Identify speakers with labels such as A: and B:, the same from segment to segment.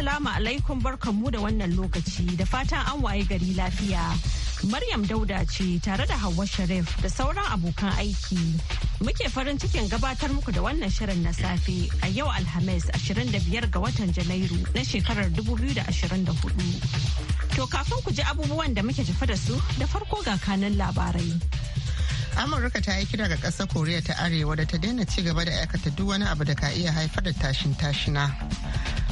A: Assalamu alaikum barkanmu da wannan lokaci da fatan an waye gari lafiya. Maryam Dauda ce tare da Hauwa Sharif da sauran abokan aiki. Muke farin cikin gabatar muku da wannan shirin na safe a yau Alhamis 25 ga watan Janairu na shekarar 2024. To kafin ku ji abubuwan da muke tafi da su da farko ga kanan labarai.
B: Amurka ta yi kira ga ƙasar Koriya ta Arewa da ta daina ci gaba da aikata duk wani abu da ka iya haifar da tashin tashina.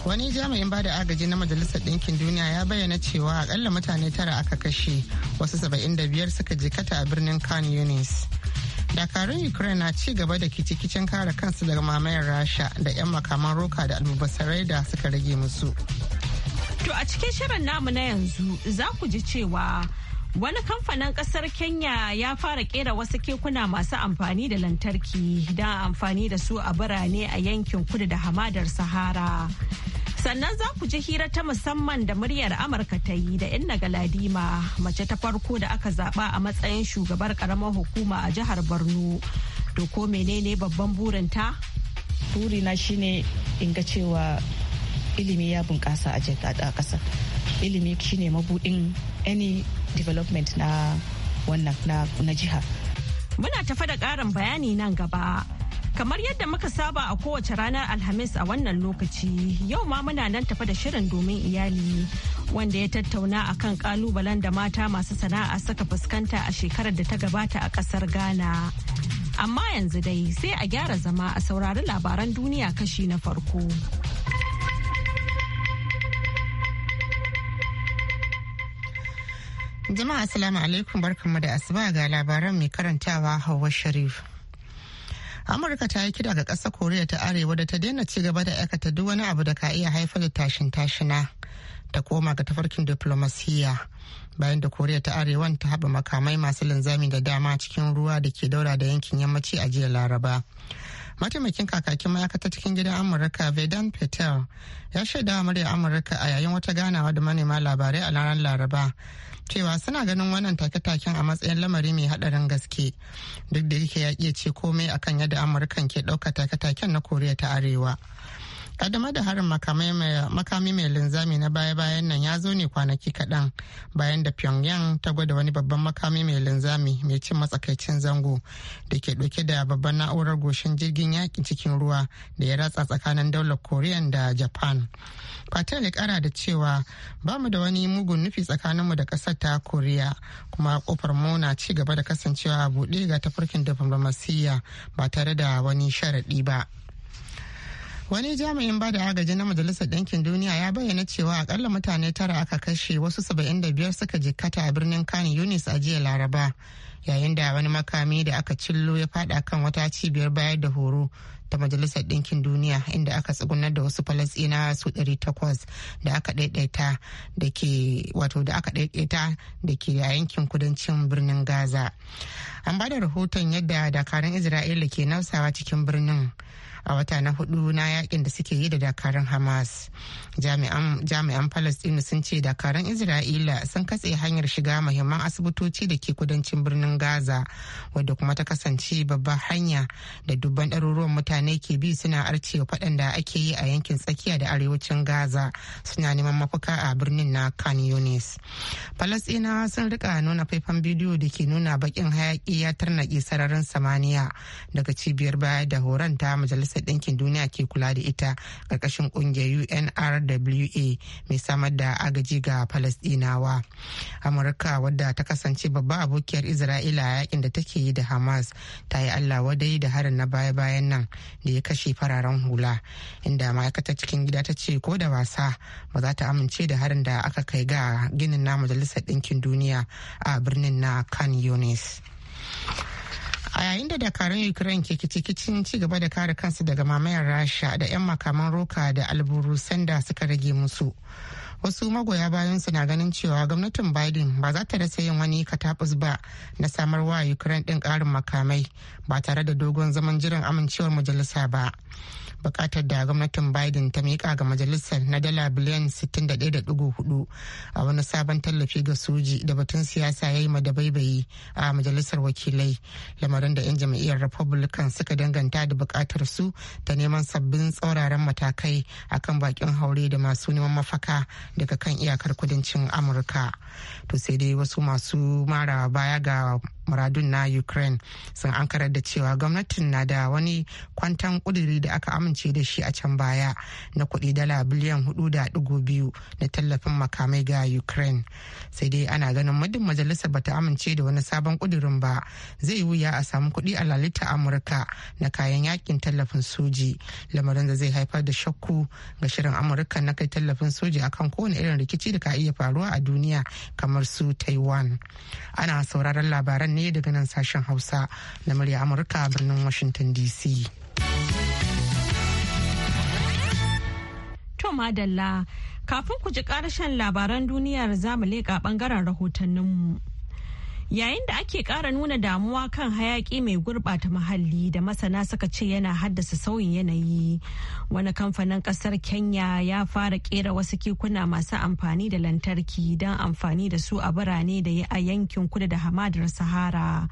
B: wani jami'in bada agaji na majalisar ɗinkin duniya ya bayyana cewa akalla mutane tara aka kashe wasu 75 suka jikata a birnin khan yunis dakarun ukraine na ci gaba da kicikicin kare kansu daga mamayar rasha da 'yan makaman roka da almubasarai da suka rage musu
A: to a cikin shirin namu na yanzu za ku ji cewa Wani kamfanin kasar Kenya ya fara kera wasu kekuna masu amfani da lantarki don amfani da su a birane a yankin kudu da hamadar Sahara. sannan za ku ji hira ta musamman da muryar amurka ta yi da inna galadima mace ta farko da aka zaba a matsayin shugabar karamar hukuma a jihar borno to ko menene babban
C: burinta burina shine in cewa ilimi ya bunƙasa a ƙasa ilimi shine mabudin any development na wannan na jiha
A: muna tafa da ƙarin bayani nan gaba Kamar yadda muka saba a kowace ranar Alhamis a wannan lokaci, yau ma muna nan tafa da shirin domin iyali wanda ya tattauna a kan kalubalen da mata masu sana'a suka fuskanta a shekarar da ta gabata a kasar Ghana. Amma yanzu dai sai a gyara zama a saurari labaran duniya kashi na farko.
B: Jama'a Assalamu alaikum barkanmu da asuba ga labaran mai karantawa Hauwa Sharif. amurka ta yi kira ga ƙasar koriya ta arewa da ta daina ci gaba da aikata duk wani abu da ka iya haifar da tashin tashina ta koma ga tafarkin diplomasiya bayan da koriya ta arewa ta haɓa makamai masu linzami da dama cikin ruwa da ke daura da yankin yammaci a jiya laraba mataimakin kakakin ma'aikata cikin gidan amurka vedan patel ya shaida murya amurka a yayin wata ganawa da manema labarai a ranar laraba cewa suna ganin wannan take-taken a matsayin lamari mai hadarin gaske duk da yake ya ce komai akan yadda amurkan ke ɗauka take-taken na koriya ta arewa kaddamar da harin makami mai linzami na baya-bayan nan ya zo ne kwanaki kaɗan bayan da pyongyang ta gwada wani babban makami mai linzami mai cin matsakaicin zango da ke ɗauke da babban na'urar goshin jirgin yakin cikin ruwa da ya ratsa tsakanin daular korean da japan patel ya kara da cewa ba mu da wani mugun nufi tsakaninmu da ƙasar ta korea kuma kofar mu na ci gaba da kasancewa buɗe ga tafarkin diflomasiyya ba tare da wani sharaɗi ba. Wani jami'in ba da agaji na Majalisar Ɗinkin Duniya ya bayyana cewa akalla mutane tara aka kashe wasu 75 suka jikkata a birnin Kano Yunis a jiya Laraba, yayin da wani makami da aka cillo ya fada kan wata cibiyar bayar da horo ta Majalisar Ɗinkin Duniya inda aka tsugunar da wasu Falasɗinawa su 800 da aka ɗaiɗaita da ke wato da aka ɗaiɗaita da ke a yankin kudancin birnin Gaza. An ba da rahoton yadda dakarun Isra'ila ke nausawa cikin birnin. a wata na hudu na yakin da suke yi da dakarun hamas jami'an palestine sun ce dakarun isra'ila sun katse hanyar shiga muhimman asibitoci da ke kudancin birnin gaza wadda kuma ta kasance babbar hanya da dubban ɗaruruwan mutane ke bi suna arcewa faɗanda ake yi a yankin tsakiya da arewacin gaza suna neman mafuka a birnin na khan yunis palestinawa sun rika nuna faifan bidiyo da ke nuna bakin hayaki ya tarnaki sararin samaniya daga cibiyar baya da horon ta majalisar majalisar ɗinkin duniya ke kula da ita ƙarƙashin ƙungiyar unrwa mai samar da agaji ga falasɗinawa amurka wadda ta kasance babba abokiyar isra'ila yakin da take yi da hamas ta yi allah wadai da harin na baya-bayan nan da ya kashe fararen hula inda ma'aikatar cikin gida ta ce ko da wasa ba za ta amince da harin da aka kai ga ginin na majalisar ɗinkin duniya a birnin na kan yunis a yayin da dakarun ukraine ke kicikicin ci gaba da kare kansu daga mamayar rasha da 'yan makaman roka da alburu sanda suka rage musu wasu magoya bayan na ganin cewa gwamnatin biden ba za ta rasa yin wani katabus ba na samar wa ukraine din karin makamai ba tare da dogon zaman jiran amincewar majalisa ba bukatar da gwamnatin biden ta miƙa ga majalisar na dala biliyan 61.4 a wani sabon tallafi ga soji da batun siyasa ya yi madabaibayi a majalisar wakilai lamarin da 'yan jam'iyyar republican suka danganta da bukatar su ta neman sabbin tsauraran matakai a kan bakin haure da masu neman mafaka daga kan iyakar kudancin amurka to sai dai wasu masu mara baya ga muradun na ukraine sun ankarar da cewa gwamnatin na da wani kwantan kuduri da aka amince da shi a can baya na kuɗi dala biliyan hudu da dugu biyu na tallafin makamai ga ukraine sai dai ana ganin muddin majalisar bata amince da wani sabon kudurin ba zai wuya a samu kuɗi a lalita amurka na kayan yakin tallafin soji lamarin da zai haifar da shakku ga shirin amurka na kai tallafin soji akan kowane irin rikici da ka iya faruwa a duniya kamar su taiwan ana sauraron labaran ne daga nan sashen Hausa na murya Amurka birnin Washington DC.
A: To madalla kafin ku ji karshen labaran duniyar zamu leƙa ɓangaren rahotanninmu. yayin da ake kara nuna damuwa kan hayaki mai gurɓata muhalli da masana suka ce yana haddasa sauyin yanayi wani kamfanin kasar kenya ya fara kera wasu kekuna masu amfani da lantarki don amfani da su a birane da a yankin kudu da hamadar sahara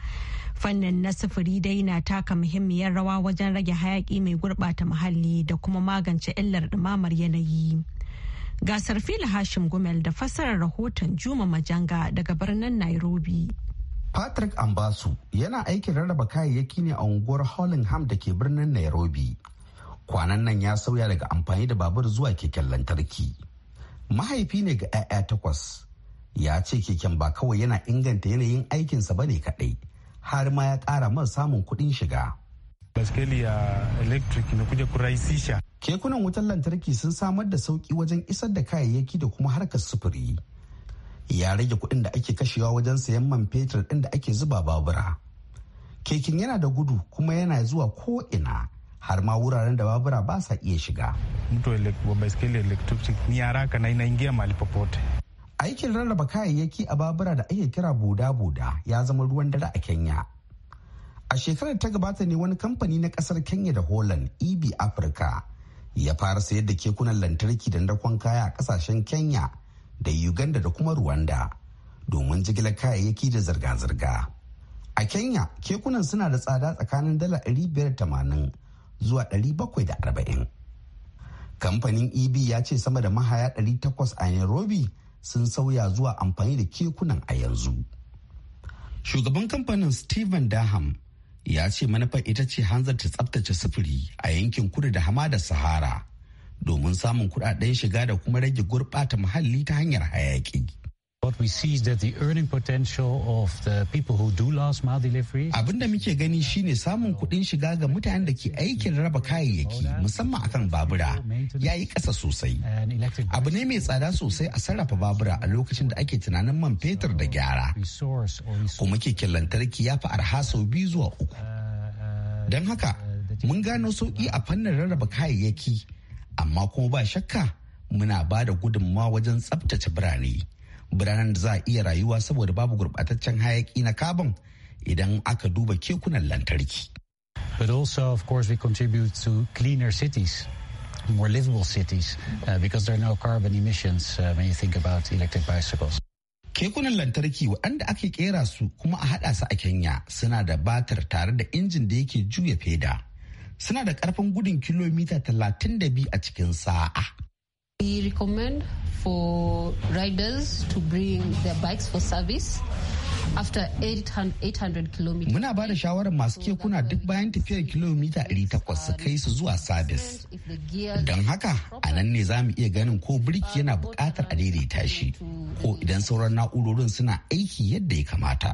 A: fannin na sufuri dai na taka muhimmiyar rawa wajen rage hayaki mai gurɓata muhalli da kuma magance illar ɗumamar yanayi gasar fili hashim gumel da fassarar rahoton juma majanga daga birnin nairobi
D: Patrick Ambasu yana aikin rarraba kayayyaki ne a unguwar Hollingham da ke birnin Nairobi. Kwanan nan ya sauya daga amfani da babur zuwa keken lantarki. Mahaifi ne ga 'ya'ya takwas. Ya ce keken ba kawai yana inganta yanayin aikinsa ba ne kaɗai, har ma ya ƙara man samun kuɗin shiga. Kekunan wutar lantarki sun samar da sauƙi wajen isar da kayayyaki da kuma harkar sufuri. ya rage kuɗin da ake kashewa wajen sayan man fetur ɗin da ake zuba babura. Kekin yana da gudu kuma yana zuwa ko ina har ma wuraren da babura ba sa iya shiga. Aikin rarraba kayayyaki a babura da ake kira buda-buda ya zama ruwan dare a Kenya. A shekarar ta gabata ne wani kamfani na kasar Kenya da Holland EB Africa ya fara sayar da kekunan lantarki da ndakon kaya a kasashen Kenya da uganda da kuma rwanda domin jigilar kayayyaki da zirga-zirga a kenya kekunan suna da tsada tsakanin dala 580 zuwa 740 kamfanin eb ya ce sama da mahaya 800 a nairobi sun sauya zuwa amfani da kekunan a yanzu shugaban kamfanin stephen daham ya ce manufar ita ce Hanzar ta tsabtace sufuri a yankin kudu da hama da sahara domin samun kudaden shiga da kuma rage gurɓata muhalli ta hanyar hayaki. Abin da muke gani shine samun kuɗin shiga ga mutanen da ke aikin raba kayayyaki musamman akan babura ya yi ƙasa sosai. Abu ne mai tsada sosai a sarrafa babura a lokacin da ake tunanin man fetur da gyara. Kuma keken lantarki ya fi arha sau biyu zuwa uku. Uh, uh, Don haka, uh, mun gano sauƙi a fannin rarraba kayayyaki amma kuma ba shakka muna ba da gudunmawa wajen tsabtace birane biranen da za a iya rayuwa saboda babu gurbataccen hayaki na kabon idan aka duba kekunan lantarki. But also, of course, we contribute to cleaner cities. More livable cities uh, because there are no carbon emissions uh, when you think about electric bicycles. Kekunan lantarki waɗanda ake kera su kuma a haɗa su a Kenya suna da batar tare da injin da yake juya feda. suna da karfin gudun kilomita 32 a cikin sa'a.
E: We recommend for riders to bring their bikes for service after 800 kilometers. Muna
D: ba da shawarar masu kekuna duk bayan tafiyar kilomita 800 su kai su zuwa sabis. Don haka a nan ne za mu iya ganin ko birki yana bukatar a daidaita shi ko idan sauran na'urorin suna aiki yadda ya kamata.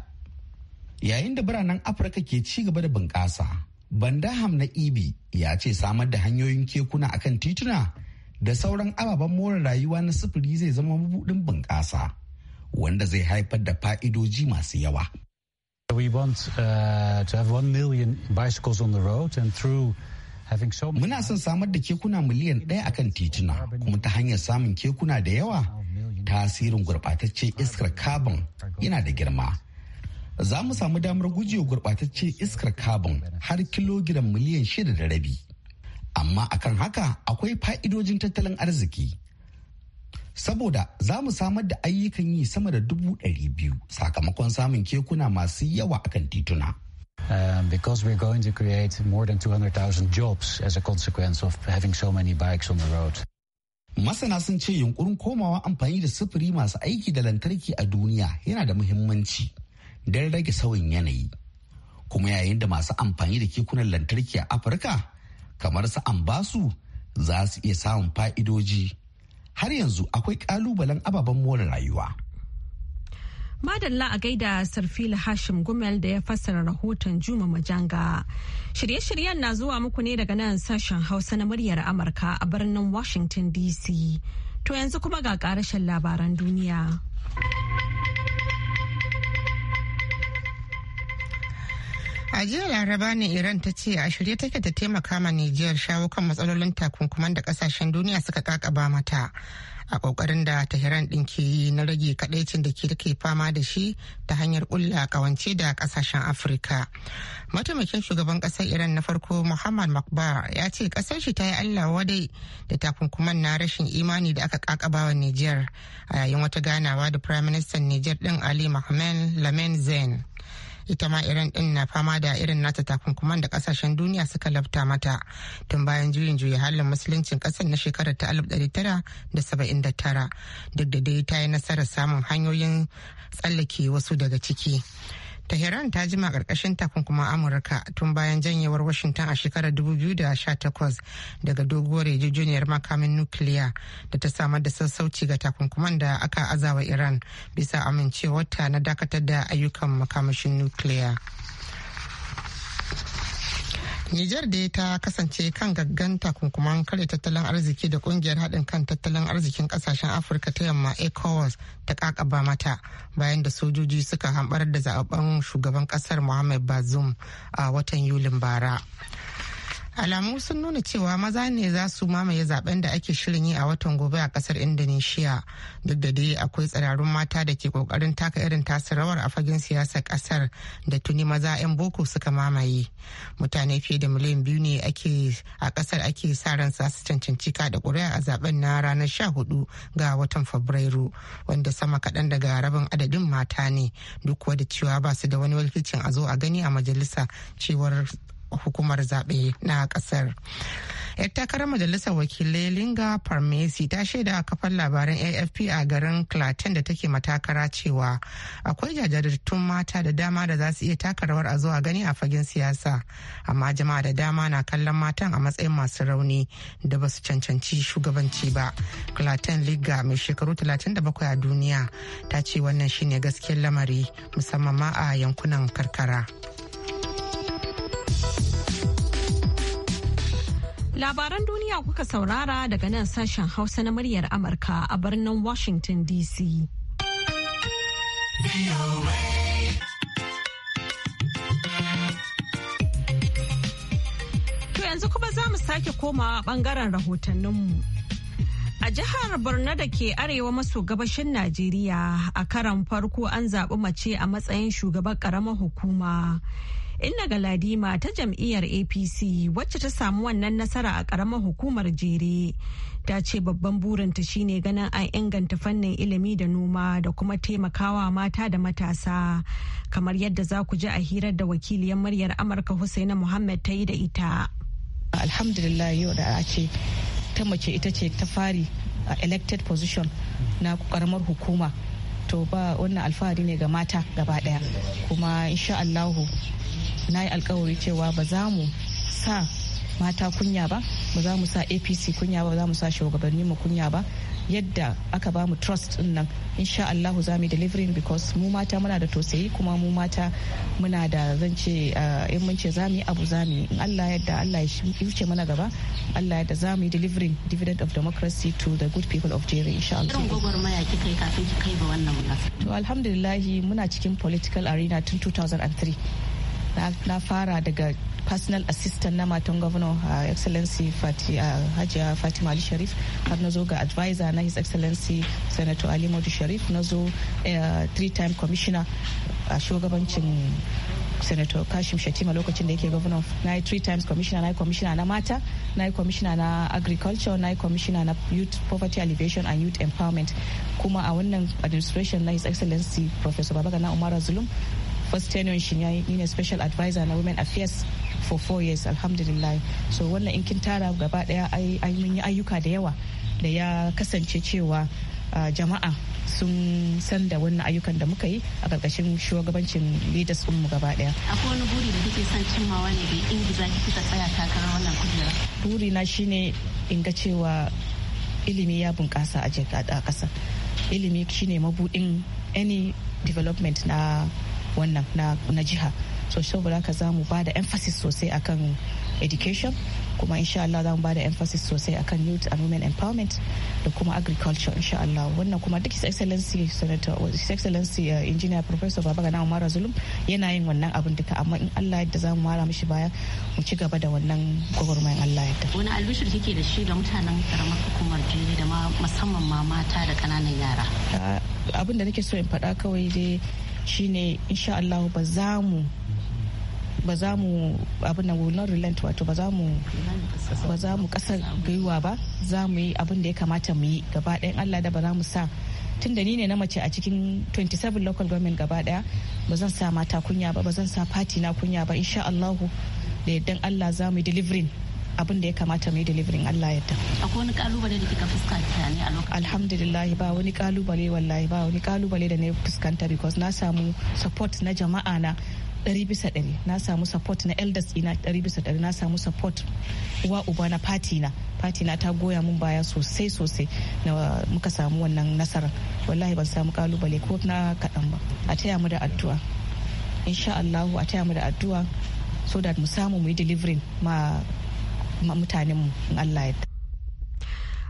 D: Yayin da biranen Afirka ke ci gaba da bunƙasa, bandaham na ibi e ya ce samar da hanyoyin kekuna akan tituna da sauran ababen more rayuwa na sufuri zai zama mabudin bunƙasa wanda zai haifar da fa'idoji masu yawa uh, Muna son samar da kekuna miliyan ɗaya akan tituna kuma ta hanyar samun kekuna da yawa tasirin gurɓataccen iskar carbon yana da girma za mu samu damar gujewa gurɓataccen iskar carbon har kilogiram miliyan shida da rabi. Amma akan haka akwai fa'idojin tattalin arziki. Saboda za mu samar da ayyukan yi sama da dubu ɗari biyu sakamakon samun kekuna masu yawa akan tituna. Um, because we're going to create more than 200,000 jobs as a consequence of having so many bikes on the road. Masana sun ce yunkurin komawa amfani da sufuri masu aiki da lantarki a duniya yana da muhimmanci. don rage sauyin yanayi kuma yayin da masu amfani da kekunan lantarki a afirka kamar su ambasu za su iya samun fa'idoji har yanzu akwai kalubalen ababen more rayuwa
A: Madalla a gaida Sarfila Hashim Gumel da ya fassara rahoton Juma Majanga. Shirye-shiryen na zuwa muku ne daga nan sashen Hausa na muryar Amurka a birnin Washington DC. To yanzu kuma
B: ga karashen labaran duniya. a jiya laraba ne iran ta ce a shirye take ta taimaka ma nijiyar shawo kan matsalolin takunkuman da kasashen duniya suka kakaba mata a kokarin da tehran din ke yi na rage kadaicin da ke take fama da shi ta hanyar kulla kawance da kasashen afirka mataimakin shugaban kasar iran na farko muhammad makbar ya ce kasar shi ta yi allah wadai da takunkuman na rashin imani da aka kakaba wa nijar a yayin wata ganawa da firaministan minister ɗin din ali mahmed lamin zain ita ma irin din na fama da irin nata takunkuman da kasashen duniya suka lafta mata tun bayan juyin juya halin musuluncin kasar na shekarar ta da saba'in tara duk da dai ta yi nasarar samun hanyoyin tsallake wasu daga ciki Tehran ta jima ƙarƙashin takunkuman Amurka tun bayan janyewar Washington a shekarar 2018 daga doguwar yarjejeniyar makamin nukiliya da ta samar da sassauci ga takunkuman da aka azawa Iran bisa amincewarta na dakatar da ayyukan makamashin nukiliya. Nijar dai ta kasance kan gaggan takunkuman kare tattalin arziki da kungiyar haɗin kan tattalin arzikin ƙasashen Afirka ta yamma ECOWAS ta kakaba mata bayan da sojoji suka hambar da zaɓen shugaban ƙasar Mohamed Bazoum a watan Yulin bara. alamu sun nuna cewa maza ne za su mamaye zaben da ake shirin yi a watan gobe a kasar indonesia duk da dai akwai tsirarun mata da ke kokarin taka irin tasu rawar a fagen siyasar kasar da tuni maza 'yan boko suka mamaye mutane fiye da miliyan biyu ne a kasar ake sa ran sa su cancanci kada kuri'a a zaben na ranar sha hudu ga watan fabrairu wanda sama kaɗan daga rabin adadin mata ne duk da cewa ba su da wani walficin a zo a gani a majalisa cewar hukumar zaɓe na ƙasar. 'yar takarar majalisar wakilai linga parmesi ta shaida a kafar labaran afp a garin clatin da take matakara cewa akwai jajadattun mata da dama da za su iya taka rawar a zuwa gani a fagen siyasa amma jama'a da dama na kallon matan a matsayin masu rauni da ba su cancanci shugabanci ba clatin liga mai shekaru 37 a duniya ta ce wannan shine gaskiyar lamari musamman ma a yankunan karkara.
A: Labaran duniya kuka saurara daga nan sashen Hausa na muryar Amurka a birnin Washington DC. To yanzu kuma za mu sake komawa bangaren rahotanninmu. A jihar Borno da ke arewa maso gabashin Najeriya a karan farko an zaɓi mace a matsayin shugaban ƙaramar hukuma. inna galadima ta jam'iyyar apc wacce ta samu wannan nasara a karamar hukumar jere ta ce babban burinta shine ganin an inganta fannin ilimi da noma da kuma taimakawa mata da matasa kamar yadda za ku ji a hirar da wakiliyar muryar amurka husaina muhammad ta yi da ita
C: alhamdulillah yau da ce ta mace ita ce ta fari a elected position na karamar hukuma to ba wannan alfahari ne ga mata gaba daya kuma insha allahu na yi alkawari cewa ba za mu sa mata kunya ba ba za mu sa apc kunya ba za mu sa shugabanni mu kunya ba yadda aka ba mu trust din nan insha Allah za mu delivering because mu mata muna da tausayi kuma mu mata muna da zan ce eh, in mun ce za mu yi abu za mu in Allah yadda Allah ya wuce mana gaba Allah yadda za mu yi delivering dividend of democracy to the good people of Jere insha Allah. Irin
B: gwagwarmaya kika kai kafin ki kai ba wannan mulaka
C: To alhamdulillah muna cikin political arena tun 2003. na fara daga personal assistant na matan governor uh, excellency Fati, uh, hajiya fatima ali sharif har na zo ga advisor na his excellency senator ali modu sharif na zo uh, three time commissioner a uh, shugabancin senator kashim shatima lokacin da yake governor na yi three times commissioner na yi commissioner na mata na yi commissioner na agriculture na yi commissioner na youth poverty alleviation and youth empowerment kuma a wannan administration na his excellency professor babagana Umar zulum first tenure shi ya ni ne special advisor na women affairs for four years alhamdulillah so wannan in kin tara gaba daya ai mun yi ayyuka da yawa da ya kasance cewa jama'a sun san da wannan ayyukan da muka yi a karkashin shugabancin leaders mu gaba daya.
E: Akwai wani buri da kike son cimmawa ne da ingiza ki kika tsaya takarar wannan kujera?
C: Buri na shine in ga cewa ilimi ya bunƙasa a ƙasa. Ilimi shine mabuɗin any development na wannan na jiha so saboda haka za mu ba da emphasis sosai akan education kuma insha Allah za mu ba da emphasis sosai akan youth and women empowerment da kuma agriculture insha Allah wannan kuma duk his excellency senator his excellency uh, engineer professor na Umar Zulum yana yin wannan abin duka amma in Allah yadda za mu mara mishi baya mu ci gaba da wannan gwagwarmayan Allah yadda
E: wani albishir kike da shi ga mutanen karamar hukumar jini da ma musamman ma mata da kananan yara
C: uh, abin da nake so in faɗa kawai dai shine insha Allah ba za mu ba za mu abin da will relent wato ba za mu ba za mu kasar gaiwa ba za mu yi abin da ya kamata mu yi gaba ɗayan Allah da ba za mu sa tun da ni ne na mace a cikin 27 local government gaba ɗaya ba zan sa mata kunya ba ba zan sa party na kunya ba insha Allah da yardan Allah za mu yi delivering abin da ya kamata mai delivering Allah yadda.
E: Akwai wani kalubale da kika fuskanta
C: ne a lokacin? Alhamdulillah ba wani kalubale wallahi ba wani kalubale da na fuskanta because na samu support na jama'a na ɗari bisa ɗari na samu support na elders ina ɗari bisa ɗari na samu support uwa uba na party na party na ta goya mun baya sosai sosai na muka samu wannan nasara wallahi ban samu kalubale ko na kaɗan ba a taya mu da addu'a insha Allah a taya mu da addu'a so that mu samu mu yi delivering ma mutanenmu Allah ya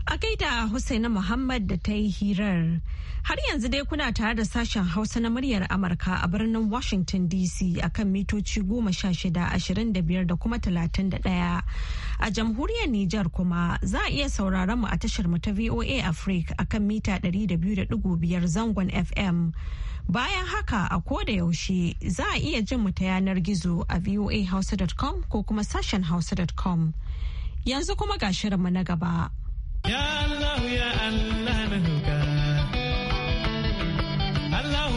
A: A gaida Muhammad da ta yi hirar. Har yanzu dai kuna tare da sashen Hausa na muryar Amurka a birnin Washington DC a kan mitoci goma sha shida ashirin da biyar da kuma talatin da ɗaya. A jamhuriyar Nijar kuma za a iya sauraron mu a tashar mu ta VOA Africa kan mita ɗari da biyu da biyar zangon FM. Bayan haka a koda yaushe za a iya jin mu ta yanar gizo a voahausa.com ko kuma sashen hausa.com. Yanzu kuma ga shirinmu na gaba.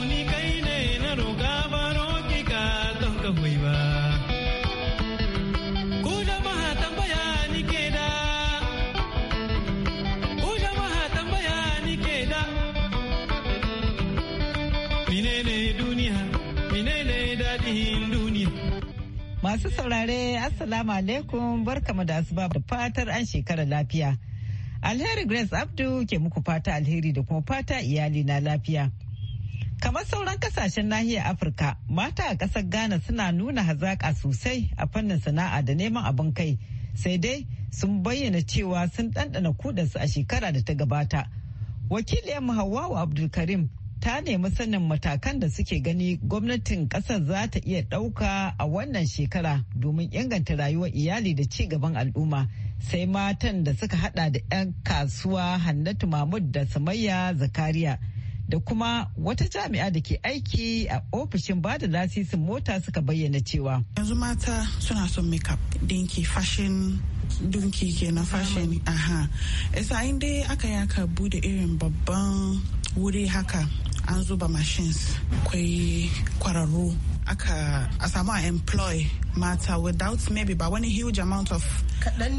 F: ni kai na ka
G: Masu saurare Assalamu alaikum barkama da asuba da fatar an shekara lafiya. Alheri Grace Abdu ke muku fata alheri da kuma fata iyali na lafiya. Kamar sauran kasashen nahiyar Afirka, mata a ƙasar Ghana suna nuna hazaƙa sosai a fannin sana'a da neman abin kai, sai dai sun bayyana cewa sun ɗanɗana kudansu a shekara da ta gabata. Wakiliyar Hawwa Abdulkarim ta nemi sanin matakan da suke gani gwamnatin kasar za ta iya ɗauka a wannan shekara domin inganta rayuwar iyali da ci gaban al'umma sai matan da suka hada da 'yan kasuwa hannatu mahmud da samayya zakariya da kuma wata jami'a da ke aiki a ofishin bada lasisin mota suka bayyana cewa
F: yanzu mata suna son makeup dinki fashin ke kenan fashin aha isa in aka yaka bude irin babban wuri haka an zuba machines akwai kwararru aka a samu a employ mata without maybe ba wani huge amount of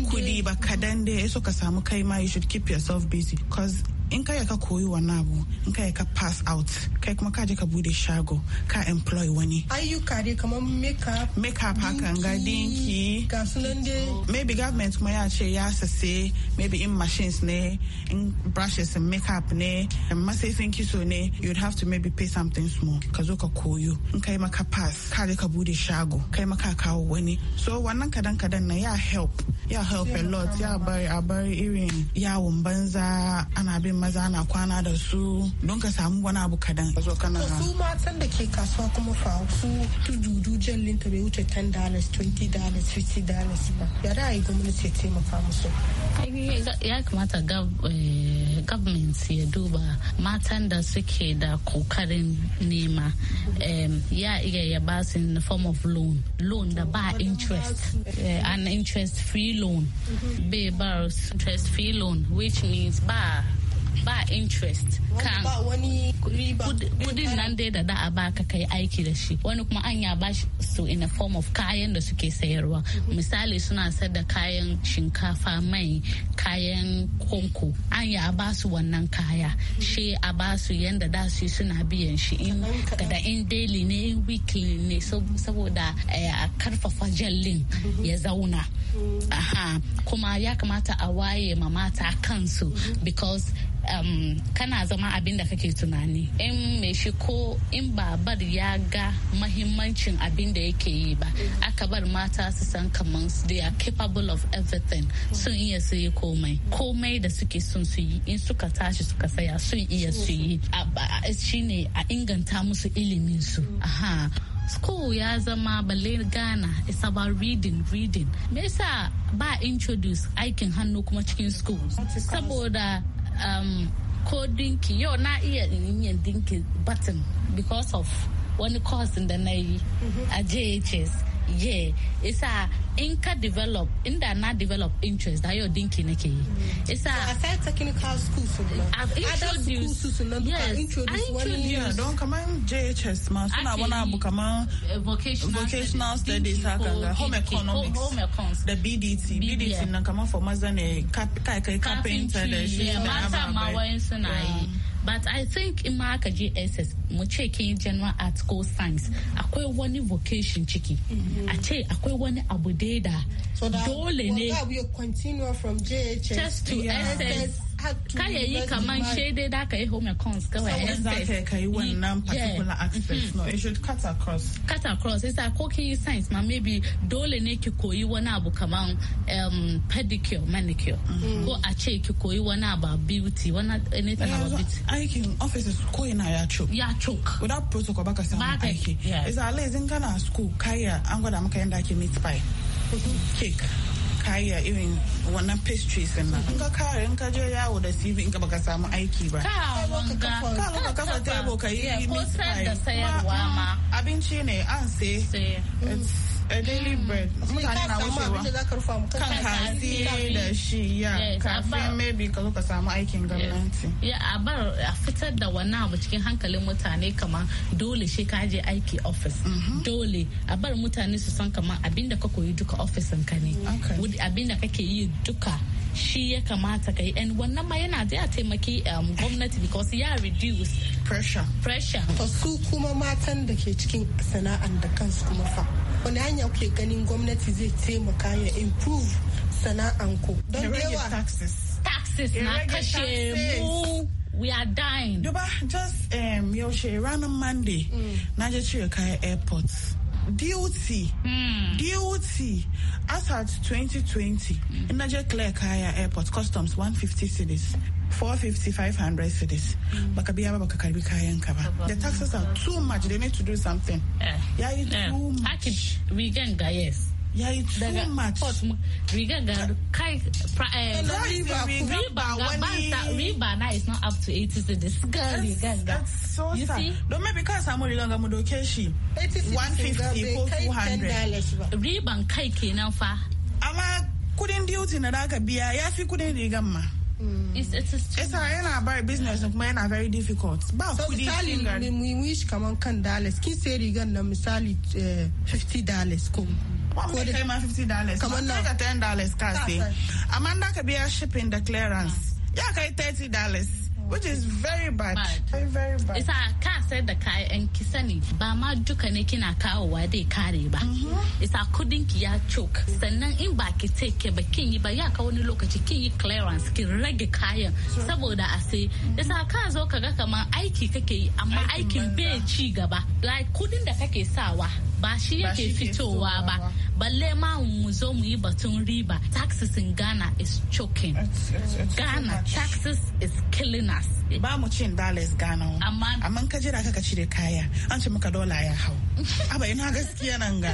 F: kudi ba kadan dai so ka samu kai ma you should keep yourself busy because in kai ka koyi wannan abu in kai ka pass out kai kuma ka je ka bude shago ka employ wani ayyuka dai kamar makeup makeup haka ga dinki ga sunan dai maybe government kuma ya ce ya sase maybe in machines ne in brushes and makeup ne sun kiso ne you'd have to maybe pay something small ka zo ka koyo in kai maka pass ka je ka bude shago kai maka kawo wani so wannan kadan kadan na ya help ya help a lot ya bari a bari irin yawon banza ana bin maza na kwana da su don ka samu wani abu kadan zo kana su matan da ke kasuwa kuma fa su tududu jallin ta bai wuce 10 dollars 20 dollars 50 dollars ba ya da ai gwamnati ya
E: taimaka musu ya kamata eh, government ya duba matan da suke da kokarin nema ya iya ya ba su in the form of loan loan da ba interest eh, an interest free loan mhm. bai ba interest free loan which means ba ba interest kan kudin nan dai da da'a ba ka kai aiki da shi wani kuma an ya ba su in a form of kayan da suke sayarwa mhm. misali suna da kayan shinkafa mai kayan konko an ya ba su wannan kaya mhm. shi a ba su yanda da su suna biyan shi in da in daily ne weekly ne saboda eh, a karfafa jallin mhm. ya zauna kuma ya kamata a waye ma mata kansu because Um, kana zama abin da kake tunani in mai shi ko in babar ya ga mahimmancin abin da yake yi ba aka bar mata su san kamar they are capable of everything sun iya su yi komai komai da suke sun su yi in suka tashi suka saya sun iya su yi shine a inganta musu ilimin su aha school ya zama balle Ghana it's about reading reading me yasa ba introduce aikin hannu kuma cikin school saboda um, ko dinki yau na iya yin dinki batin because of wani course da na yi a jhs yeah isa in ka develop inda na develop interest da yau dinki nake yi isa a sai technical school su introduce school su na duka introduce wani don kamar JHS ma suna vocational studies home da BDT BDT
F: na kamar for maza carpenter suna yi
E: but i think in ma aka je ss mu ce kin general art ko science akwai wani vocation ciki mhm. a ce akwai wani abu da dole ne just to ss kada yi kaman shede da ka yi home accounts kawai so eh? za ka yi wannan particular yeah. Mm-hmm. no it
F: should cut across
E: cut across isa ko ki science ma maybe dole ne ki koyi wani abu kaman um, pedicure manicure mm -hmm. ko a ce ki koyi wani abu beauty wani anything about beauty aikin offices ko ina ya choke ya choke without protocol baka samu aiki isa
F: alai zin kana school kaya an gwada maka yanda ake meat pie mm-hmm. cake kaya irin wannan pastries din nan in ka kare in ka je yawo da CV in ka baka samu aiki ba ka ka kafa table ka yi meat pie mm, abinci ne an sai
E: daily bread mutane na wucewa da shi ya kafin
F: maybe ka zo ka samu aikin gwamnati
E: ya a bar a fitar da wannan abu cikin hankalin mutane kamar dole shi ka je aiki office mhm. dole a bar mutane su san kamar abinda ka koyi duka office ka ne abinda kake yi duka shi ya kamata ka and wannan ma yana da ya taimaki um, gwamnati because ya reduce pressure pressure
F: to su kuma matan da ke cikin sana'an da kansu kuma fa wani hanya kuke ganin gwamnati zai taimaka ya improve sana'an ku don yawa taxes taxes
E: na kashe mu we are
F: dying duba just um, yaushe ranar monday mm. na je cire kayan airport duty hmm. duty as at 2020 Niger naje clear kaya airport customs 150 cities 450 500 cities mm. the taxes are too much they need to do something yeah, yeah it's
E: eh. too much we can yes yeah, it's too much riga ga kai eh, riba now is not up to 80 cedis this riga That's so sad No, maybe because
F: I'm only mu doke shi 150 ko 200
E: riban kai kenan fa amma kudin duty
F: na da ka biya ya fi kudin rigan ma Isa yana bar business It's yana very difficult. Ba so, kudi misali we wish kaman kan dollars kin sai rigan na misali eh, 50 dollars ko. ko da kai dollars biya shipping da clearance kai 30 dollars which is very bad. bad.
E: Very, very bad. da kayan ki sani ba duka ne kina kawowa dai kare ba. Mm-hmm. Isa kudin ya choke. Sannan in ba ki take ba yi ba ya wani lokaci kin yi clearance rage kayan saboda a sai. Mm-hmm. ka zo ka kaman aiki kake yi aikin bai ci gaba. Like da kake sawa ba shi yake fitowa ba balle ma mu zo mu yi batun riba taxes in ghana is choking ghana taxes is killing us ba mu cin
F: dollars ghana amma amma ka jira ka cire kaya an ce maka dola ya hau aba ina gaskiya nan ga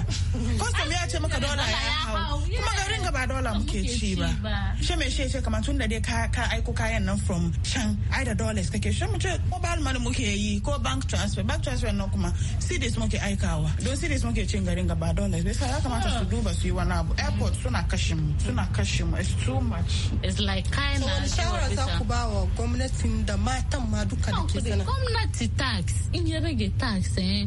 F: custom ya ce maka dola ya hau kuma garin ga ba dola muke ci ba she me she ce kamar tun da dai ka ka aiko kayan nan from can ai da dollars kake she mu ce mobile money muke yi ko bank transfer bank transfer nan kuma cedis muke aikawa don cedis fees muke cin garin gaba don da sai ya kamata su duba su yi wani abu airport suna kashe mu suna kashe mu it's too much it's like kind so wani shawara za ku ba wa gwamnati da matan ma duka da ke sana
E: gwamnati tax in ya rage tax eh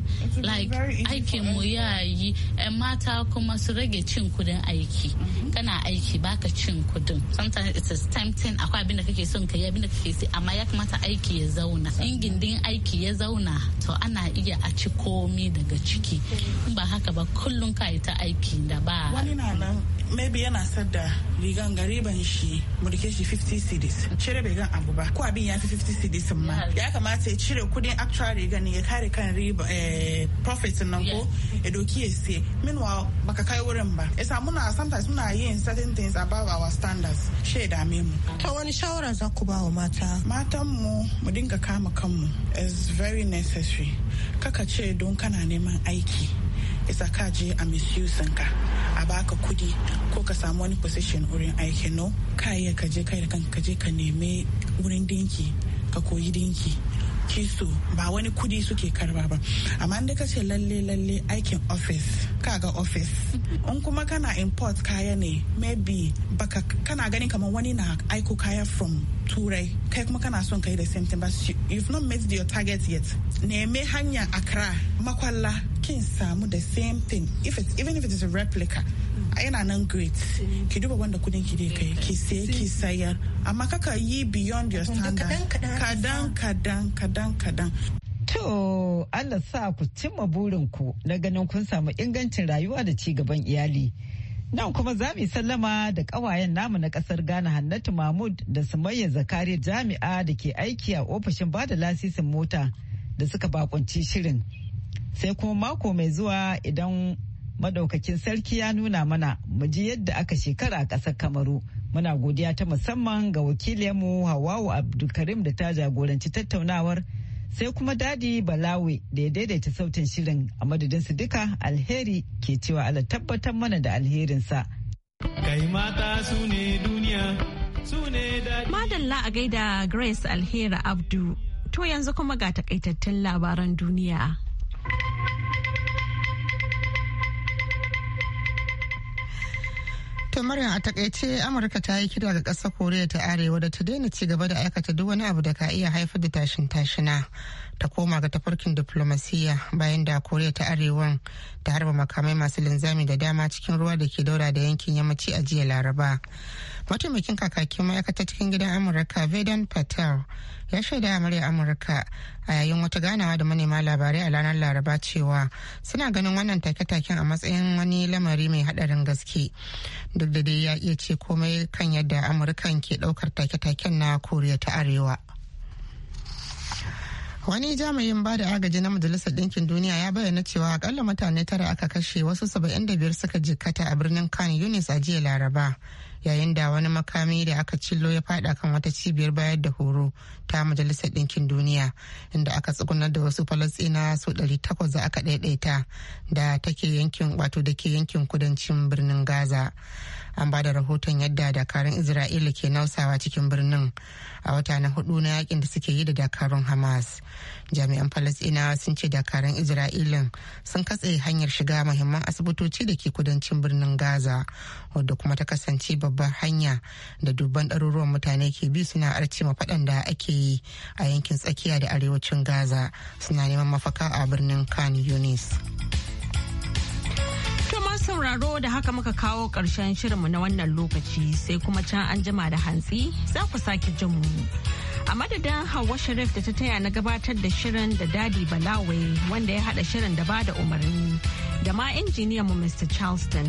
E: like aikin mu ya yi mata kuma su rage cin kudin aiki kana aiki baka cin kudin sometimes it is tempting akwai abin da kake son ka yi abin da kake sai amma ya kamata aiki ya zauna in gindin aiki ya zauna to ana iya a ci komi daga ciki ba haka ba kullum ka yi ta aiki da ba wani
F: na nan maybe yana sadda rigan gariban shi murke shi 50 cedis cire bai gan abu ba ko abin ya fi 50 cedis ma ya kamata ya cire kudin actual rigan ne ya kare kan riba eh, profit nan ko ya doki ya sai. meanwhile baka kai wurin ba yasa muna sometimes muna yin certain things above our standards she da me mu ta wani shawara za ku ba wa mata matan mu mu dinga kama kanmu is very necessary kaka ce don kana neman aiki isa ka je a misusin ka a baka kudi ko ka samu wani position wurin aiki no ka iya ka je kai da kanka ka je ka nemi wurin dinki ka koyi dinki kiso ba wani kudi suke karba ba amma da ce lalle lalle aikin office ka ga office in kuma kana import kaya ne maybe baka kana gani kamar wani na aiko kaya from turai kai kuma kana son kai da same thing but you've not met your target yet neme hanya akra makwalla kin samu the same thing if it's, even if it is a replica mm. yana nan great mm. ki duba wanda kudin ki dai kai ki sai ki sayar amma kaka yi beyond your standard kadan kadan kadan kadan to Allah sa ku cimma burin ku na ganin kun
G: samu ingancin rayuwa da ci gaban iyali Nan kuma za mu sallama da kawayen namu na kasar Ghana Hannatu Mahmud da Sumayya Zakari jami'a da ke aiki a ofishin bada lasisin mota da suka bakunci shirin. Sai kuma mako mai zuwa idan madaukakin sarki ya nuna mana mu ji yadda aka shekara a kasar Kamaru. Muna godiya ta musamman ga wakilinmu Hawawu Abdulkarim da ta jagoranci tattaunawar sai kuma dadi balawe da ya daidaita sautin shirin a madadin su duka alheri ke cewa ala tabbatar mana da alherinsa. kai mata su ne
A: duniya su ne dadi madalla a gaida grace alheri abdu to yanzu kuma ga takaitattun labaran duniya
B: To Maryam a takaice Amurka ta yi kira ga ƙasar Koriya ta Arewa da ta daina ci gaba da aikata duk wani abu da ka iya haifar da tashin tashina ta koma ga tafarkin diplomasiya bayan da Koriya ta arewa ta harba makamai masu linzami da dama cikin ruwa da ke daura da yankin yammaci a jiya Laraba. mataimakin kakakin ma'aikata cikin gidan amurka vedan patel ya shaida a murya amurka a yayin wata ganawa da manema labarai a ranar laraba cewa suna ganin wannan take-taken a matsayin wani lamari mai hadarin gaske duk da dai ya iya ce komai kan yadda amurkan ke daukar take-taken na koriya ta arewa wani jami'in ba da agaji na majalisar ɗinkin duniya ya bayyana cewa akalla mutane tara aka kashe wasu 75 suka jikata a birnin kan yunis a jiya laraba yayin da wani makami da aka cillo ya fada kan wata cibiyar bayar da horo ta majalisar ɗinkin duniya inda aka tsugunar da wasu falastina su 800 da aka ɗaiɗaita da take yankin wato da ke yankin kudancin birnin gaza an ba da rahoton yadda dakarun isra'ila ke nausawa cikin birnin a wata na hudu na yakin da suke yi da dakarun hamas jami'an falasɗinawa sun ce dakarun isra'ilin sun katse hanyar shiga muhimman asibitoci da ke kudancin birnin gaza wadda kuma ta kasance babbar hanya da dubban ɗaruruwan mutane ke bi suna arce faɗan da ake yi a yankin tsakiya da arewacin gaza suna neman mafaka a birnin khan yunis
A: sauraro da haka muka kawo ƙarshen shirinmu na wannan lokaci sai kuma can an jima da hantsi za ku sake jin mu. a madadin hawa sharif da ta taya na gabatar da shirin da dadi balawai wanda ya hada shirin da ba da umarni da ma injiniyanmu mr charleston